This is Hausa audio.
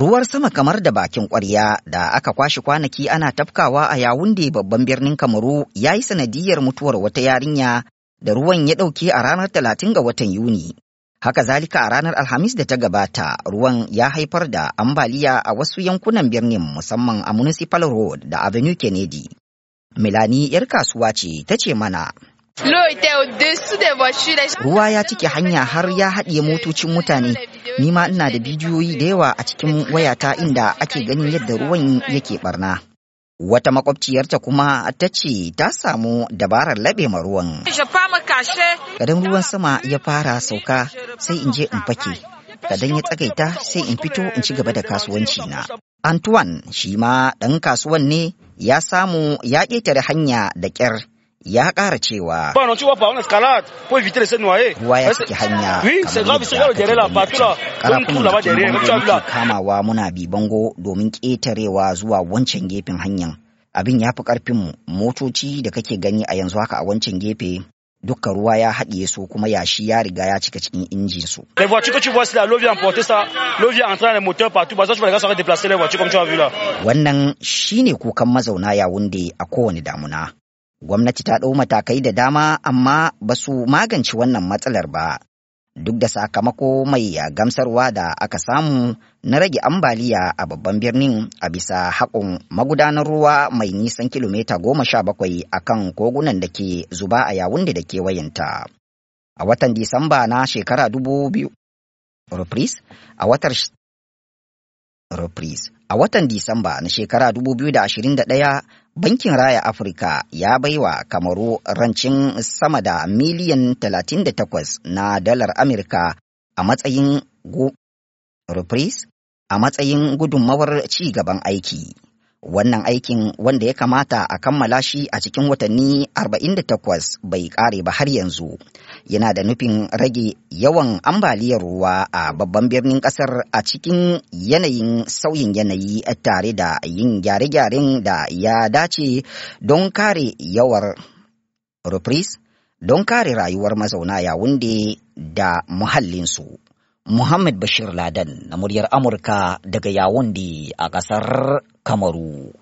Ruwar sama kamar da bakin kwarya da aka kwashe kwanaki ana tafkawa a Yawunde babban birnin Kamaru ya yi sanadiyar mutuwar wata yarinya da ruwan ya ɗauke a ranar 30 ga watan Yuni. Haka zalika a ranar Alhamis da ta gabata ruwan ya haifar da ambaliya a wasu yankunan birnin musamman a Municipal Road da Avenue Kennedy. Milani 'yar kasuwa ce ta ce mana. Ruwa ya cike hanya har ya haɗiye motocin mutane. Ni ma ina da bidiyoyi da yawa a cikin wayata inda ake ganin yadda ruwan yake barna. Wata makwabciyarta kuma ta ce ta samu dabarar laɓe ma ruwan. Kadan ruwan sama ya fara sauka sai in je in fake. Kadan ya tsagaita sai in fito in ci gaba da kasuwanci na. Antoine shi ma ɗan kasuwan ne ya samu ya ƙetare hanya da ƙyar. ya ƙara cewa ruwa ya ciki hanya karakunan da muke kamawa muna bibango domin ƙetarewa zuwa wancan gefen hanyar abin ya fi ƙarfinmu motoci da kake gani a yanzu haka a wancan gefe dukkan ruwa ya haɗiye su kuma yashi ya riga ya cika cikin injin su. Le voiture que tu vois là, l'eau vient emporter ça, l'eau vient entrer dans les moteurs partout, parce que je vais regarder ça déplacer les voitures comme tu as vu là. Wannan shine kukan mazauna Yaounde a kowane damuna. Gwamnati ta ɗau matakai da dama amma ba su magance wannan matsalar ba. Duk da sakamako mai gamsarwa da aka samu na rage ambaliya a babban birnin a bisa haƙon magudanar ruwa mai nisan kilomita goma sha bakwai a kan kogunan da ke zuba a yawun da kewayenta. A watan Disamba na shekara dubu biyu. a watar Reprise. A watan Disamba na shekara 2021, Bankin Raya Afirka ya baiwa Kamaru rancin sama da miliyan 38 na dalar Amurka a matsayin Reprise a matsayin gudunmawar ci gaban aiki. Wannan aikin wanda ya kamata a kammala shi a cikin watanni 48 bai kare ba har yanzu. Yana da nufin rage yawan ambaliyar ruwa a babban birnin kasar a cikin yanayin sauyin yanayi tare da yin gyare-gyaren da ya dace don kare yawar reprise don kare rayuwar mazauna yawunde da muhallinsu. Muhammad Bashir Laden na muryar Amurka daga Yawundi a ƙasar kamaru